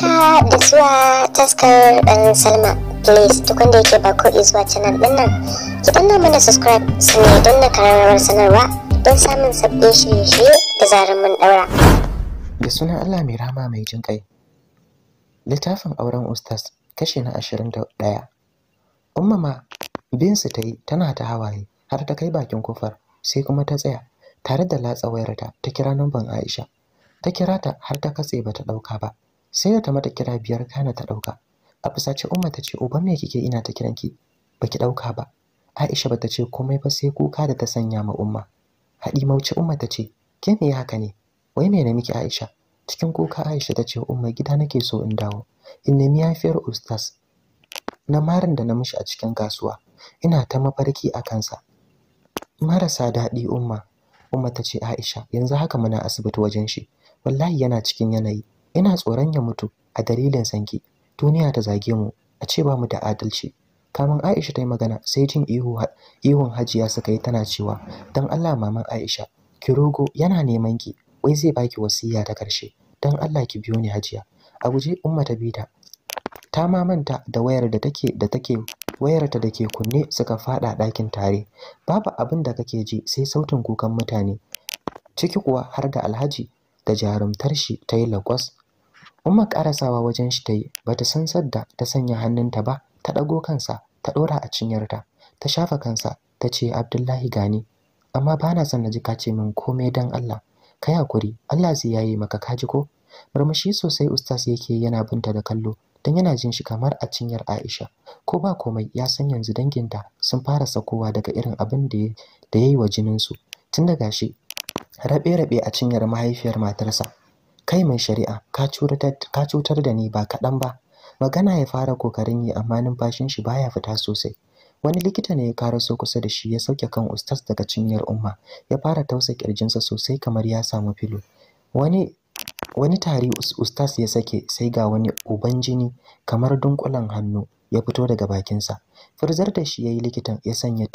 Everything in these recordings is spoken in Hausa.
haka da zuwa taskar dan salma please duk wanda yake ba ko zuwa canal din nan ki danna mana subscribe su ne don na kararrawar sanarwa don samun sabbin shirye-shirye da zarar mun daura da sunan allah mai rama mai jin kai littafin auren ustas kashi na ashirin da ɗaya umma ma binsu ta yi tana ta hawaye har ta kai bakin kofar sai kuma ta tsaya tare da latsa wayarta ta kira numban aisha ta kira ta har ta katse ba ta ɗauka ba sai da ta mata kira biyar kana ta dauka a fusace umma ta ce uban me kike ina ta kiranki baki dauka ba Aisha bata ce komai ba sai kuka da ta sanya ma umma Hadi mauce umma ta ce ke me haka ne wai me ne miki Aisha cikin kuka Aisha ta ce umma gida nake so in dawo in nemi yafiyar ustaz na marin da na mishi a cikin kasuwa ina ta mafarki a kansa marasa daɗi umma umma ta ce Aisha yanzu haka muna asibiti wajen shi wallahi yana cikin yanayi ina tsoron ya mutu a dalilin sanki duniya ta zage mu a ce ba mu da adalci kamin Aisha ta yi magana sai jin ihun hajiya suka yi tana cewa don Allah maman Aisha ki rogo yana neman ki wai zai baki wasiya ta karshe don Allah ki biyo ni hajiya a guje umma ta bi ta ta mamanta da wayar da take da take ta da ke kunne suka fada ɗakin tare babu abin da kake ji sai sautin kukan mutane ciki kuwa har da alhaji da jarumtar shi ta yi lagos umma karasawa wajen shi ta yi bata san sadda ta sanya hannunta ba ta ɗago kansa ta ɗora a cinyarta ta shafa kansa ta ce abdullahi gani amma ba na son na ji ka ce min komai dan allah kai hakuri allah zai yaye maka kaji ko murmushi sosai ustaz yake yana binta da kallo don yana jin shi kamar a cinyar aisha ko ba komai ya san yanzu danginta sun fara sakowa daga irin abin da ya yi wa jininsu tun daga shi raɓe rabe a cinyar mahaifiyar matarsa kai mai shari'a ka cutar da ni ba kaɗan ba magana ya fara kokarin yi amma numfashin shi baya fita sosai wani likita ne ya karaso kusa da shi ya sauke kan ustas daga cinyar umma ya fara tausa kirjinsa sosai kamar ya samu filo wani wani tari ustas ya sake sai ga wani uban jini kamar dunkulan hannu ya fito daga bakinsa firzar da shi ya yi likitan ya sanya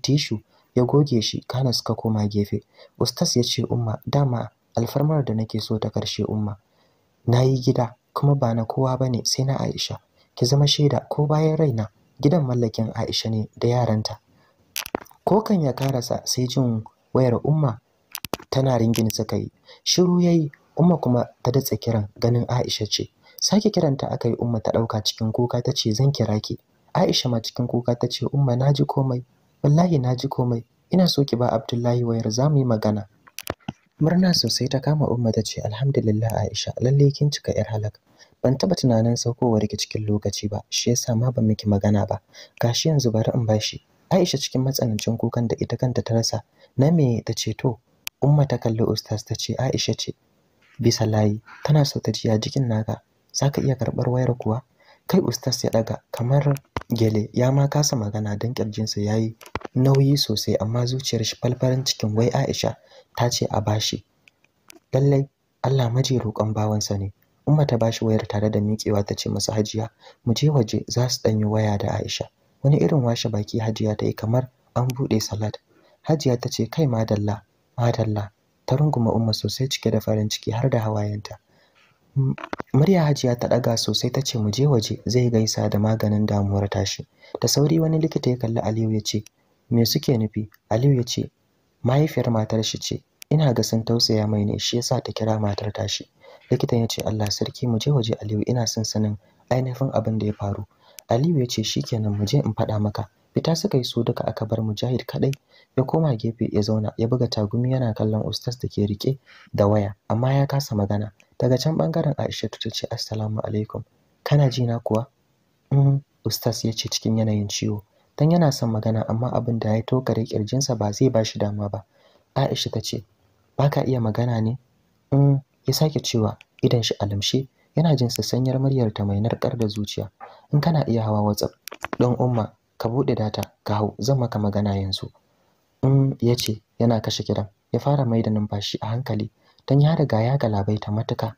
tishu ya goge shi kana suka koma gefe ustas ya ce umma dama alfarmar da nake so ta karshe umma na yi gida kuma ba na kowa ba ne sai na aisha ki zama shaida ko bayan raina gidan mallakin aisha ne da yaranta ko kan ya karasa sai jin wayar umma tana ringin suka yi shiru yayi umma kuma ta datsa kiran ganin aisha ce sake kiranta aka yi umma ta ɗauka cikin kuka ta ce zan kira ki aisha ma cikin kuka ta ce umma na ji komai wallahi na ji komai ina so ki ba abdullahi wayar za mu yi magana murna sosai ta kama umma ta ce alhamdulillah aisha lallai kin cika yar halak ban taba tunanin saukowar ki cikin lokaci ba shi yasa ma ban miki magana ba gashi yanzu bari in bashi aisha cikin matsanancin kukan da ita kanta ta rasa na me ta ce to umma ta kalli ustaz ta ce aisha ce bisa layi tana so ta ji ya jikin naka zaka iya karbar wayar kuwa kai ustaz ya daga kamar gele ya ma kasa magana don kirjinsa yayi nauyi sosai amma zuciyar shi falfarin cikin wai Aisha ta ce a bashi lallai Allah maji roƙon bawansa ne Umma ta bashi wayar tare da miƙewa ta ce masa Hajiya mu je waje za su danyi waya da Aisha wani irin washe baki Hajiya ta yi kamar an buɗe salat Hajiya ta ce kai madalla madalla ta runguma Umma sosai cike da farin ciki har da hawayenta Murya Hajiya ta ɗaga sosai ta ce mu je waje zai gaisa da maganin damuwar tashi. Da sauri wani likita ya kalli Aliyu ya ce me suke nufi aliyu ya ce mahaifiyar matar shi ce ina ga sun tausaya mai ne shi yasa ta kira matar tashi likitan ya ce Allah sarki mu je waje Aliyu ina son sanin ainihin abin da ya faru Aliyu ya ce shikenan mu je in faɗa maka fita suka yi su duka aka bar Mujahid kaɗai ya koma gefe ya zauna ya buga tagumi yana kallon ustas da ke rike da waya amma ya kasa magana daga can bangaren Aisha ta ce assalamu alaikum kana ji na kuwa mm, Ustas ustaz ya ce cikin yanayin ciwo dan yana son magana amma abin da ya tokare kirjinsa ba zai ba shi dama ba Aisha ta ce baka iya magana ne in ya sake cewa idan shi alamshe yana jin sassanyar muryar ta mai narkar da zuciya in kana iya hawa WhatsApp dan umma ka buɗe data ka hau zan maka magana yanzu in ya ce yana kashe kiran ya fara mai da numfashi a hankali dan ya riga ya galabaita matuka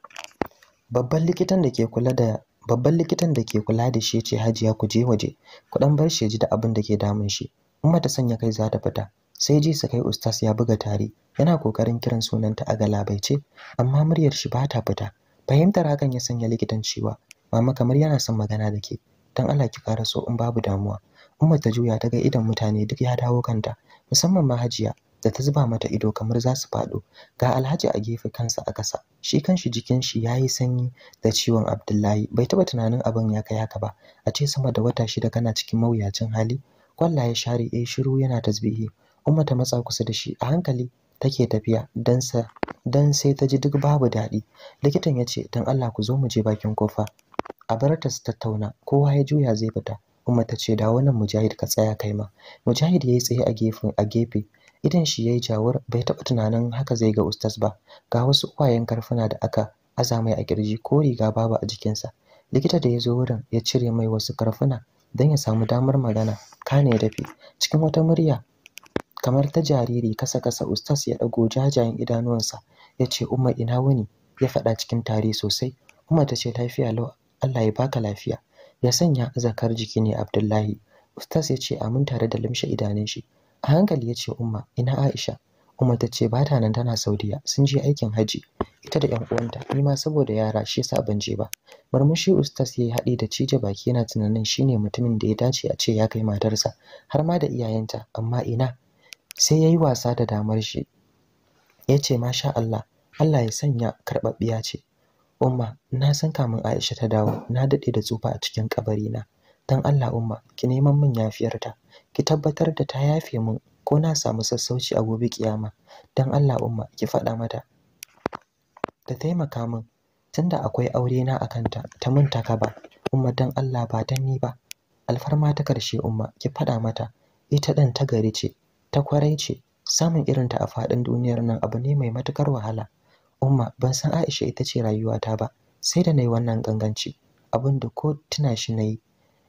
babban likitan da ke kula da babban likitan da ke kula da shi ya ce hajiya ku je waje ku dan bar shi ya ji da abin da ke damun shi umma ta sanya kai za ta fita sai ji su kai ustas ya buga tare yana kokarin kiran sunanta a galabaice amma muryar shi ba ta fita fahimtar hakan ya sanya likitan cewa mama kamar yana son magana da ke dan Allah ki karaso in babu damuwa umma ta juya ta ga idan mutane duk ya dawo kanta musamman ma hajiya da ta zuba mata ido kamar za su faɗo ga alhaji a gefe kansa a kasa shi kanshi jikin shi ya yi sanyi da ciwon abdullahi bai taɓa tunanin abin ya kai haka ba a ce sama da wata shida kana cikin mawuyacin hali kwalla ya share ya eh, shiru yana tasbihi umma ta matsa kusa da shi a hankali take tafiya dan sa dan sai ta ji duk babu daɗi likitan ya ce dan Allah ku zo mu je bakin kofa a bar ta su tattauna kowa ya juya zai fita umma ta ce da wannan mujahid ka tsaya kai ma mujahid ya yi tsaye a gefe a gefe idan shi yayi jawur bai taba tunanin haka zai ga ustas ba ga wasu uwayen karfuna da aka aza mai a kirji ko riga babu a jikinsa likita da ya zo wurin ya cire mai wasu karfuna don ya samu damar magana kane ya dafe. cikin wata murya kamar ta jariri kasa kasa ustas ya ɗago jajayen idanuwansa ya ce umma ina wuni ya faɗa cikin tari sosai umma ta ce lafiya lau Allah ya baka lafiya ya sanya zakar jiki ne Abdullahi ustas ya ce amin tare da limshe idanun shi a hankali ya ce umma ina aisha umma ta ce ba ta nan tana saudiya sun je aikin haji ita da yan uwanta ni ma saboda yara shi yasa ban je ba murmushi ustas yayi haɗi da cije baki yana tunanin shine mutumin da ya dace a ce ya kai matarsa har ma da iyayenta amma ina sai yayi wasa da damar shi ya ce masha Allah Allah ya sanya karɓaɓɓiya ce umma na san kamun Aisha ta dawo na daɗe da tsufa a cikin kabarina. dan Allah umma ki neman min yafiyarta ki tabbatar da ta yafe mun ko na samu sassauci a gobe kiyama dan Allah umma ki faɗa mata ta taimaka min tunda akwai aure na akanta ta ta mun ba. umma dan Allah ba dan ni ba alfarma ta karshe umma ki faɗa mata ita dan ta gari ce ta kwarai ce samun irin ta a faɗin duniyar nan abu ne mai matukar wahala umma ban san Aisha ita ce rayuwata ba sai da nayi wannan ganganci abin da ko tuna shi nayi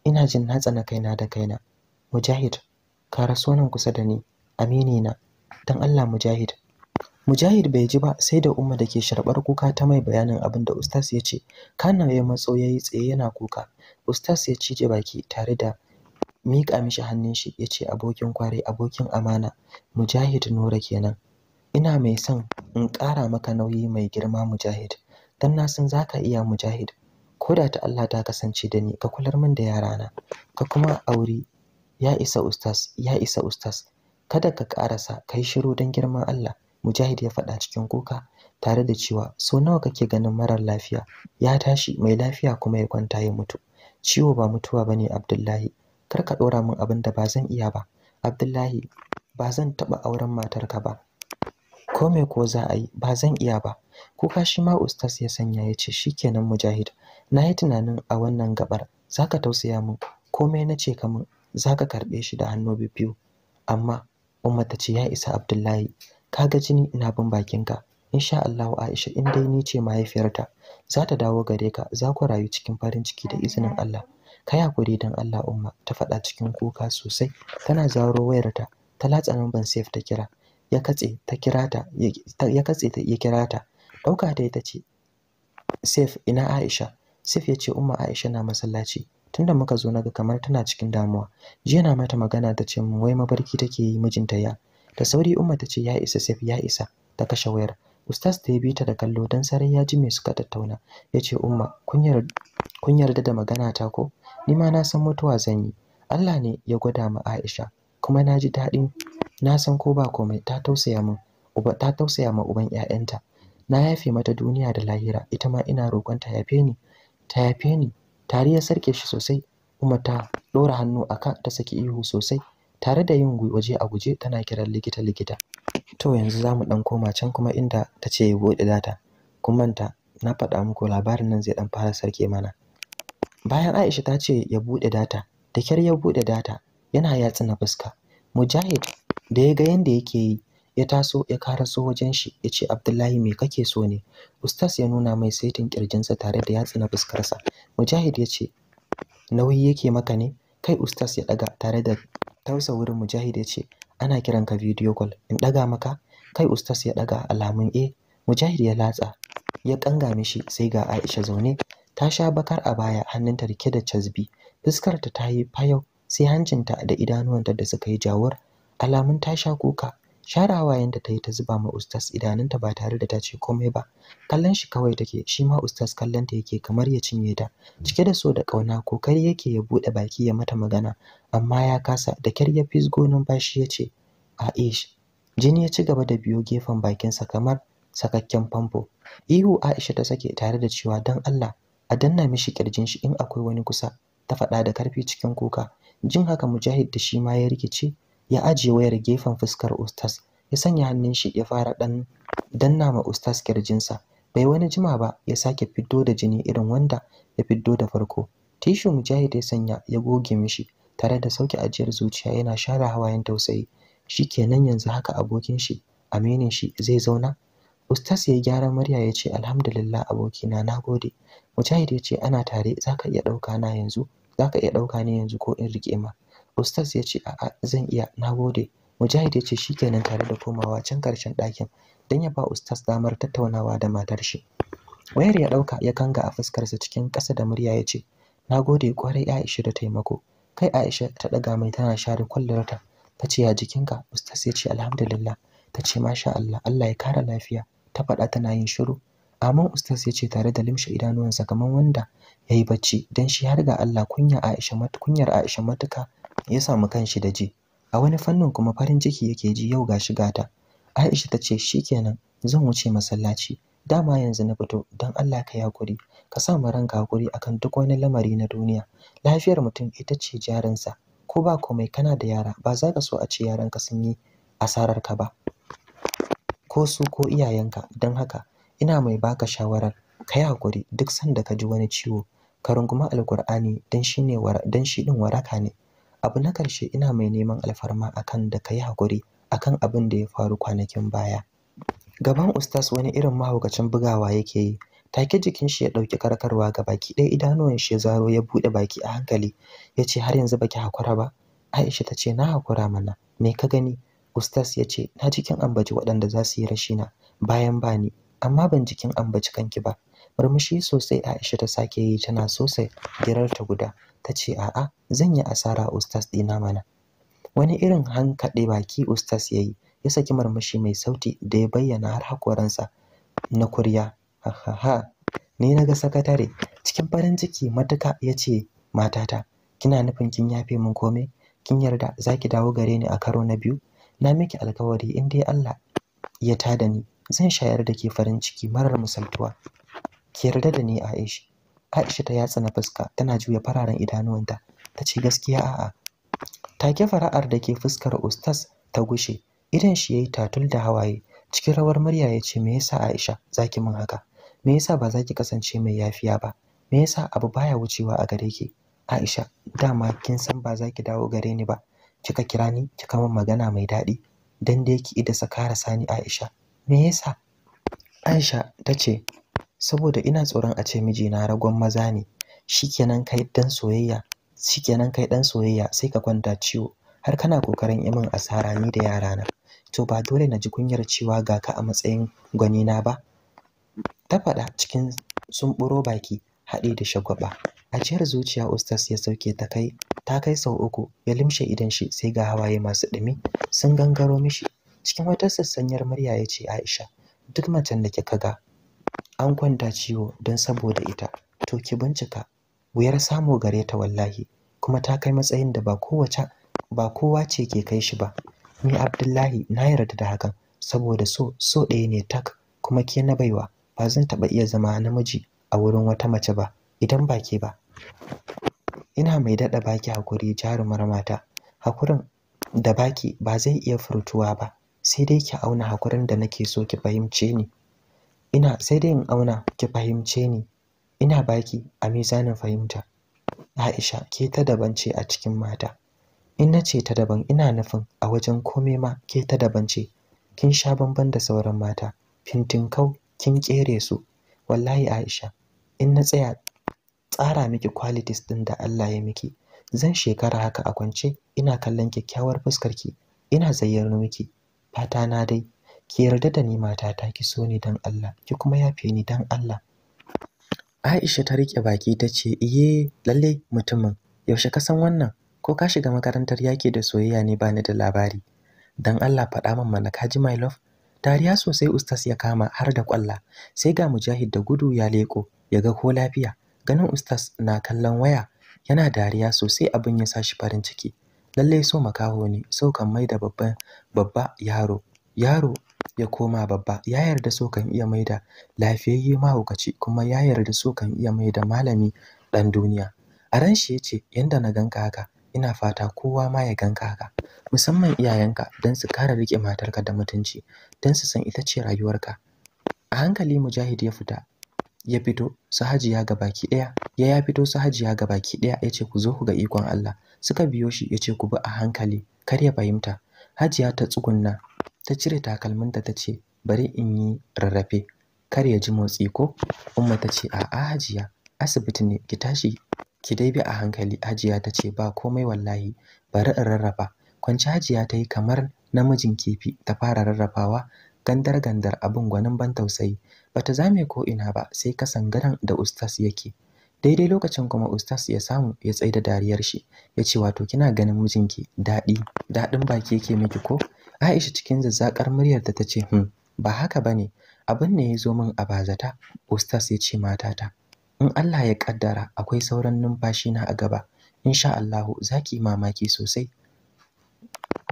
ina jin na tsana kaina da kaina Mujahid ka raso nan kusa da ni amini na dan Allah Mujahid Mujahid bai ji ba sai da Umma da ke sharɓar kuka ta mai bayanin abin da Ustaz ya ce kana ya matso yi tsaye yana kuka Ustaz ya cije baki tare da mika mishi hannun shi ya ce abokin kware abokin amana Mujahid Nura kenan ina mai son in ƙara maka nauyi mai girma Mujahid dan na san zaka iya Mujahid Ko da ta Allah ta kasance da ni ka kular min da yarana ka kuma auri ya isa ustas, ya isa ustas, kada ka karasa kai shiru dan girman Allah mujahid ya faɗa cikin kuka tare da cewa so nawa kake ganin marar lafiya ya tashi mai lafiya kuma ya kwanta ya mutu ciwo ba mutuwa bane Abdullahi kar ka dora min abin da ba zan iya ba Abdullahi ba zan taba auren matarka ba ko me ko za a yi ba zan iya ba kuka shi ma ustaz ya sanya ya ce shikenan mujahid na yi tunanin a wannan gabar zaka tausaya mun. komai na ce ka min za ka karɓe shi da hannu biyu amma umma ta ce ya isa abdullahi ka ga jini ina bin bakinka insha Allahu Aisha in dai ni ce mahaifiyarta za ta dawo gare ka za ku rayu cikin farin ciki da izinin Allah kai hakuri dan Allah umma ta faɗa cikin kuka sosai tana zaro wayarta ta latsa namban safe ta kira ya katse ta kira ta ya katse ta ya kira ta dauka ta ce safe ina Aisha safe ya ce umma Aisha na masallaci tunda muka zo naga kamar tana cikin damuwa jiya na mata magana ta ce wai mabarki take yi mijinta ya da sauri umma ta ce ya isa sai ya isa ta kashe wayar ustaz ta ya bita ta da kallo dan sarai ya ji me suka tattauna ya ce umma kun yarda da magana ta ko ni ma na san mutuwa zan yi Allah ne ya gwada mu Aisha kuma na ji daɗin na san ko ba komai ta tausaya min uba ta tausaya ma uban ƴaƴanta na yafe mata duniya da lahira ita ma ina roƙonta ta yafe ni ta yafe ni Tare ya sarke shi sosai kuma ta ɗora hannu a ta saki ihu sosai tare da yin waje a guje tana kiran likita likita to yanzu za mu ɗan koma can kuma inda ta ce ya buɗe data kun manta na faɗa muku labarin nan zai ɗan fara sarke mana bayan Aisha ta ce ya bude data da kyar ya bude data yana yatsa na fuska Mujahid da ya ga yanda yake yi ya taso ya so wajen shi ya ce abdullahi me kake so ne Ustas ya nuna mai saitin kirjinsa tare da yatsu na fuskarsa mujahid ya ce nauyi yake maka ne kai ustaz ya daga tare da tausa wurin mujahid ya ce ana kiran ka video call in daga maka kai ustas ya daga alamun e mujahid ya latsa ya kanga mishi sai ga aisha zaune ta sha bakar a baya hannunta rike da casbi fuskarta ta yi fayau sai hancinta da idanuwanta da suka yi jawar alamun ta sha kuka share hawayen da ta yi ta zuba ma ustas idanunta ba tare da ta ce komai ba kallon shi kawai take shi ma ustas kallon ta yake kamar ya cinye ta cike da so da kauna kokari yake ya buɗe baki ya mata magana amma ya kasa da kyar ya fisgo numfashi ya ce aish jini ya ci gaba da biyo gefen bakinsa kamar sakakken famfo ihu aisha ta sake tare da cewa don allah a danna mishi kirjin shi in akwai wani kusa ta faɗa da karfi cikin kuka jin haka mujahid da shi ma ya rikice ya ajiye wayar gefen fuskar ustas ya sanya hannun shi ya fara dan danna ma ustas kirjinsa bai wani jima ba ya sake fiddo da jini irin wanda ya fiddo da farko tishu mujahid ya sanya ya goge mishi tare da sauke ajiyar zuciya yana share hawayen tausayi shikenan yanzu haka abokin shi aminin shi zai zauna ustas ya gyara murya ya ce alhamdulillah abokina na gode mujahid ya ce ana tare zaka iya dauka na yanzu zaka iya dauka ne yanzu ko in rike ma Ustaz ya ce a'a zan iya na gode. Mujahid ya ce shikenan tare da komawa can karshen ɗakin don ya ba Ustaz damar tattaunawa da matar shi. Wayar ya ɗauka ya kanga a fuskarsa cikin ƙasa da murya ya ce, Na gode ƙwarai Aisha da taimako. Kai Aisha ta ɗaga mai tana share kwalliyar Ta ce ya jikinka? Ustaz ya ce alhamdulillah. Ta ce masha Allah, Allah ya kara lafiya. Ta faɗa tana yin shiru. amma Ustaz ya ce tare da limshe idanuwansa kamar wanda ya yi bacci don shi har ga Allah kunyar Aisha matuka ya samu kanshi da ji a wani fannin kuma farin ciki yake ji yau ga shiga ta Aisha ta ce shikenan zan wuce masallaci dama yanzu na fito don Allah ka yakuri ka sa mu ranka hakuri akan duk wani lamari na duniya lafiyar mutum ita ce jarinsa ko ba komai kana da yara ba za ka so a ce ka sun yi asarar ka ba ko su ko iyayenka don haka ina mai baka shawarar ka yi hakuri duk sanda ka ji wani ciwo ka runguma alkur'ani don shi ɗin waraka ne abu na ƙarshe ina mai neman alfarma akan da kayi hakuri akan abin da ya faru kwanakin baya gaban ustaz wani irin mahaukacin bugawa yake yi take jikin shi ya ɗauki karkarwa ga baki ɗaya idanuwan shi zaro ya buɗe baki a hankali ya ce har yanzu baki haƙura ba Aisha ta ce na haƙura mana me ka gani ustaz ya ce na jikin ambaci waɗanda za su yi rashina bayan bani amma ban jikin ambaci kanki ba murmushi sosai Aisha ta sake yi tana sosai girar ta guda tace ce a'a zan yi asara ustas dina mana wani irin hankaɗe baki ustas yayi ya saki murmushi mai sauti da ya bayyana har hakoransa na kurya ha ni na ga sakatare cikin farin ciki matuka ya ce matata kina nufin kin yafe min komai kin yarda za ki dawo gare ni a karo na biyu na miki alkawari in dai Allah ya tada ni zan shayar da ke farin ciki marar misaltuwa ki yarda da ni Aisha Aisha ta yatsa na fuska tana juya fararen idanuwanta ta ce gaskiya a'a ke fara'ar da ke fuskar ustaz ta gushe idan shi yayi tatul da hawaye cikin rawar murya ya ce me yasa Aisha zaki min haka me yasa ba zaki kasance mai yafiya ba me yasa abu baya wucewa a gare ki Aisha dama kin san ba zaki dawo gare ni ba kika kira ni kika min magana mai daɗi dan da yake ida sakara sani Aisha me yasa Aisha tace saboda ina tsoron a ce mijina ragon maza ne shikenan kai dan soyayya shikenan kai dan soyayya sai ka kwanta ciwo har kana kokarin yi min asara ni da na to ba dole na ji kunyar cewa ga ka a matsayin gwani na ba ta faɗa cikin sumburo baki haɗe da shagwaba ajiyar zuciya ustas ya sauke ta kai ta kai sau uku ya limshe idan shi sai ga hawaye masu ɗumi sun gangaro mishi cikin wata sassanyar murya ya ce aisha duk macen da kika ga an kwanta ciwo don saboda ita to ki bincika wuyar samu gare ta wallahi kuma ta kai matsayin da ba kowace ba kowa ce ke kai shi ba ni Abdullahi na yarda da hakan saboda so so ɗaya ne tak kuma ke na baiwa ba zan taɓa iya zama namiji a wurin wata mace ba idan ba ke ba ina mai daɗa baki hakuri jarumar mata hakurin da baki ba zai iya furtuwa ba sai dai ki auna hakurin da nake so ki fahimce ni ina sai dai in auna ki fahimce ni ina baki a mizanin fahimta Aisha ke ta daban ce a cikin mata in nace ta daban ina nufin a wajen komai ma ke ta daban ce kin sha bamban da sauran mata Fintin kau kin kere su wallahi Aisha in na tsaya tsara miki qualities din da Allah ya miki zan shekara haka a kwance ina kallon kyakkyawar fuskar ki ina zayyano miki fata na dai ki yarda da ni matata ki so ni dan Allah ki kuma yafe ni dan Allah Aisha ta rike baki ta ce iye lalle mutumin yaushe ka san wannan ko ka shiga makarantar yaki da soyayya ne ba ni da labari dan Allah faɗa min mana ka ji my love dariya sosai ustas ya kama har da kwalla sai ga mujahid da gudu ya leko ya ga ko lafiya ganin ustas na kallon waya yana dariya sosai abin ya sa shi farin ciki lallai so makaho ne saukan mai da babban babba yaro yaro ya koma babba ya yarda so kan iya maida lafiyayye mahaukaci kuma ya yarda so kan iya maida malami dan duniya a ran shi yace yanda na ganka haka ina fata kowa ma ya ganka haka musamman iyayenka dan su kara rike matarka da mutunci dan su san ita ce rayuwarka a hankali mujahid ya fita ya fito su hajiya ga baki daya ya ya fito su hajiya ga baki daya yace ku zo ku ga ikon Allah suka biyo shi yace ku bi a hankali kar ya fahimta hajiya ta tsugunna ta cire takalminta ta ce bari in yi rarrafe kar ya ji motsi ko umma ta ce a. A hajiya asibiti ne ki tashi ki dai bi a hankali hajiya ta ce ba komai wallahi bari in rarrafa kwanci hajiya ta yi kamar namijin kifi ta fara rarrafawa gandar gandar abin gwanin ban tausayi bata zame ko ina ba sai kasan garan da ustas yake daidai lokacin kuma ustaz ya samu ya tsaida dariyar shi ya ce wato kina ganin mijinki daɗi daɗin baki yake miki ko aisha cikin zazzakar muryar ta ce hmm ba haka bane abin ne ya zo min a bazata ustaz ya ce matata in Allah ya kaddara akwai sauran numfashi na a gaba insha Allahu zaki mamaki sosai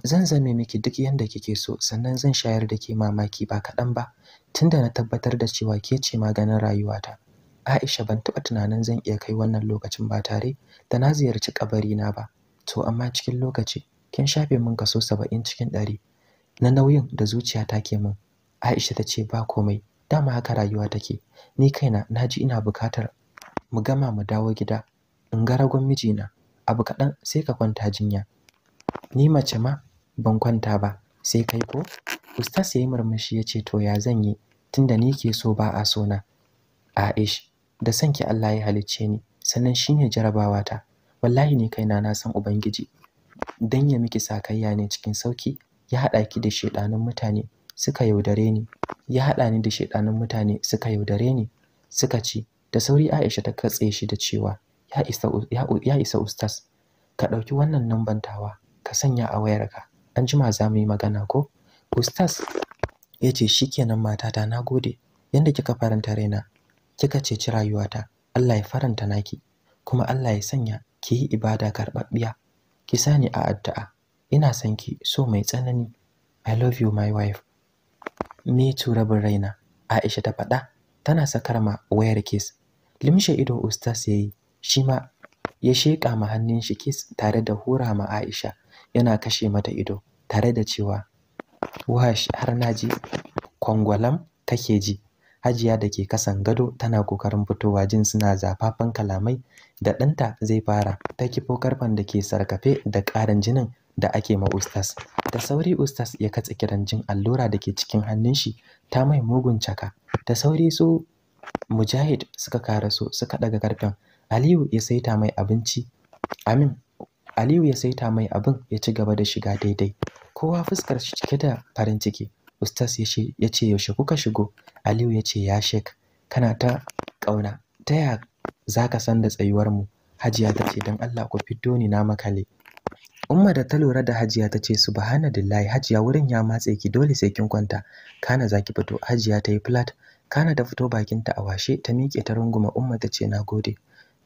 zan zame miki duk yanda kike so sannan zan shayar da ke mamaki ba kaɗan ba tunda na tabbatar da cewa ke ce maganin rayuwata Aisha ban taɓa tunanin zan iya kai wannan lokacin ba tare da na ziyarci kabarina ba. To amma cikin lokaci kin shafe min kaso 70 cikin ɗari na nauyin da zuciya ta ke min. Aisha ta ce ba komai dama haka rayuwa take. Ni kaina na ji ina bukatar mu gama mu dawo gida in ga ragon mijina abu kaɗan sai ka kwanta jinya. Ni mace ma ban kwanta ba sai kai ko? Ustaz ya yi murmushi ya ce to ya zan yi tunda ni ke so ba a so na. Aish da sanki ki Allah ya halicce ni sannan shine jarabawa ta wallahi ni kaina na san ubangiji dan ya miki sakayya ne cikin sauki ya hada ki da shedanin mutane suka yaudare ni ya hada ni da shedanin mutane suka yaudare ni suka ci da sauri Aisha ta katse shi da cewa ya isa ya isa ustaz ka dauki wannan namban tawa ka sanya a wayarka an jima za mu yi magana ko Ustas? ya ce shikenan matata nagode yanda kika faranta raina kika ceci rayuwata Allah ya faranta naki kuma Allah ya sanya ki yi ibada karɓaɓɓiya ki sani a addu'a ina son ki so mai tsanani I love you my wife me too rabin raina Aisha ta faɗa tana sakar ma wayar kes limshe ido ustas yayi shi ma ya sheƙa ma hannun shi kes tare da hura ma Aisha yana kashe mata ido tare da cewa wash har naji kwangwalam kake ji Hajiya da ke kasan gado tana kokarin fitowa jin suna zafafan kalamai da ɗanta zai fara ta kifo karfen da ke sarkafe da ƙarin jinin da ake ma ustas. Da sauri ustas ya katse kiran jin allura da ke cikin hannun shi ta mai mugun caka. Da sauri su Mujahid suka su suka daga karfen. Aliyu ya saita mai abinci. Amin Aliyu ya saita mai abin ya ci gaba da shiga daidai. Kowa fuskar shi cike da farin ciki. Ustaz ya ce yaushe kuka shigo? Aliyu ya ce ya shek kana ta ƙauna. Ta ya za ka san da tsayuwar mu? Hajiya ta ce don Allah ku fito ni na makale. Umma da ta lura da Hajiya ta ce subhanallahi Hajiya wurin ya matse ki dole sai kin kwanta. Kana za ki fito Hajiya ta yi flat. Kana da fito bakinta a washe ta miƙe ta runguma Umma ta ce nagode.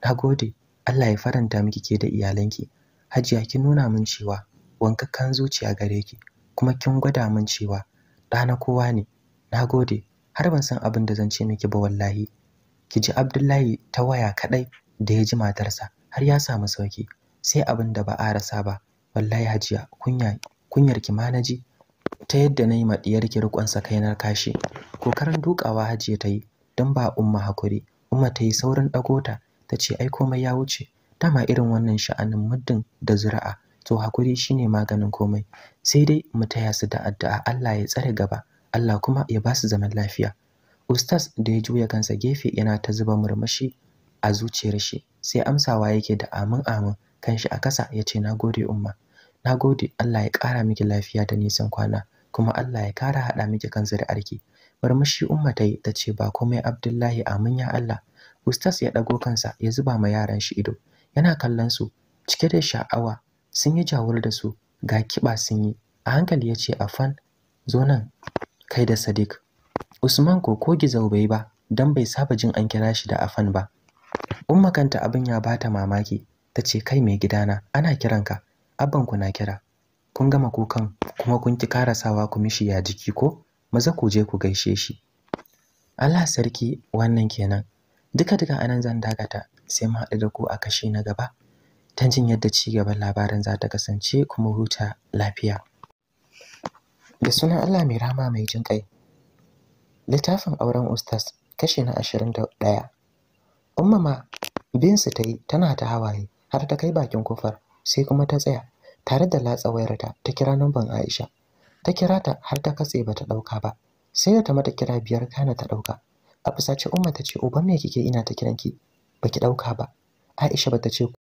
Nagode Allah ya faranta miki ke da iyalanki. Hajiya ki nuna min cewa wankakkan zuciya gare ki kuma kin gwada min cewa ɗa na kowa ne na gode har ban san abin da zan ce miki ba wallahi ki ji abdullahi ta waya kaɗai da ya ji matarsa har ya samu sauki sai abin da ba a rasa ba wallahi hajiya kunya kunyar ki ma naji ta yadda na yi diyar ki riƙon sakainar kashi kokarin dukawa hajiya ta yi don ba umma hakuri umma ta yi saurin ɗagota ta ce ai komai ya wuce dama irin wannan sha'anin muddin da zura'a. to hakuri shine maganin komai sai dai mu taya su da addu'a Allah ya tsare gaba Allah kuma ya ba su zaman lafiya ustaz da ya juya kansa gefe yana ta zuba murmushi a zuciyar shi sai amsawa yake da amin amin kanshi a kasa yace nagode umma nagode Allah ya kara miki lafiya da nisan kwana kuma Allah ya kara hada miki kansa da arki murmushi umma ta yi tace ba komai Abdullahi amin ya Allah ustaz ya dago kansa ya zuba ma yaran shi ido yana kallon su cike da sha'awa sun yi jawur da su ga kiba sun yi a hankali ya ce afan zo nan kai da sadiq usman ko ko gizau bai ba don bai saba jin an kira shi da afan ba umma kanta abin ya bata mamaki ta ce kai mai gidana ana kiranka abban ku na kira kun gama kukan kuma kun ki karasawa ku mishi ya jiki ko maza ku je ku gaishe shi Allah sarki wannan kenan duka duka anan zan dagata, sai mu haɗu da ku a kashi na gaba Ta jin yadda ci gaban labarin za ta kasance kuma huta lafiya. Da sunan Allah mai rama mai jin ƙai. Littafin auren Ustaz kashi na ashirin da ɗaya. Ummama binsu ta yi tana ta hawaye har ta kai bakin kofar sai kuma ta tsaya tare da latsa wayarta ta kira namban Aisha. Ta kira ta har ta katse ba ta ɗauka ba sai da ta mata kira biyar kana ta ɗauka. A fusace Umma ta ce uban me kike ina ta kiranki baki ɗauka ba. Aisha bata ce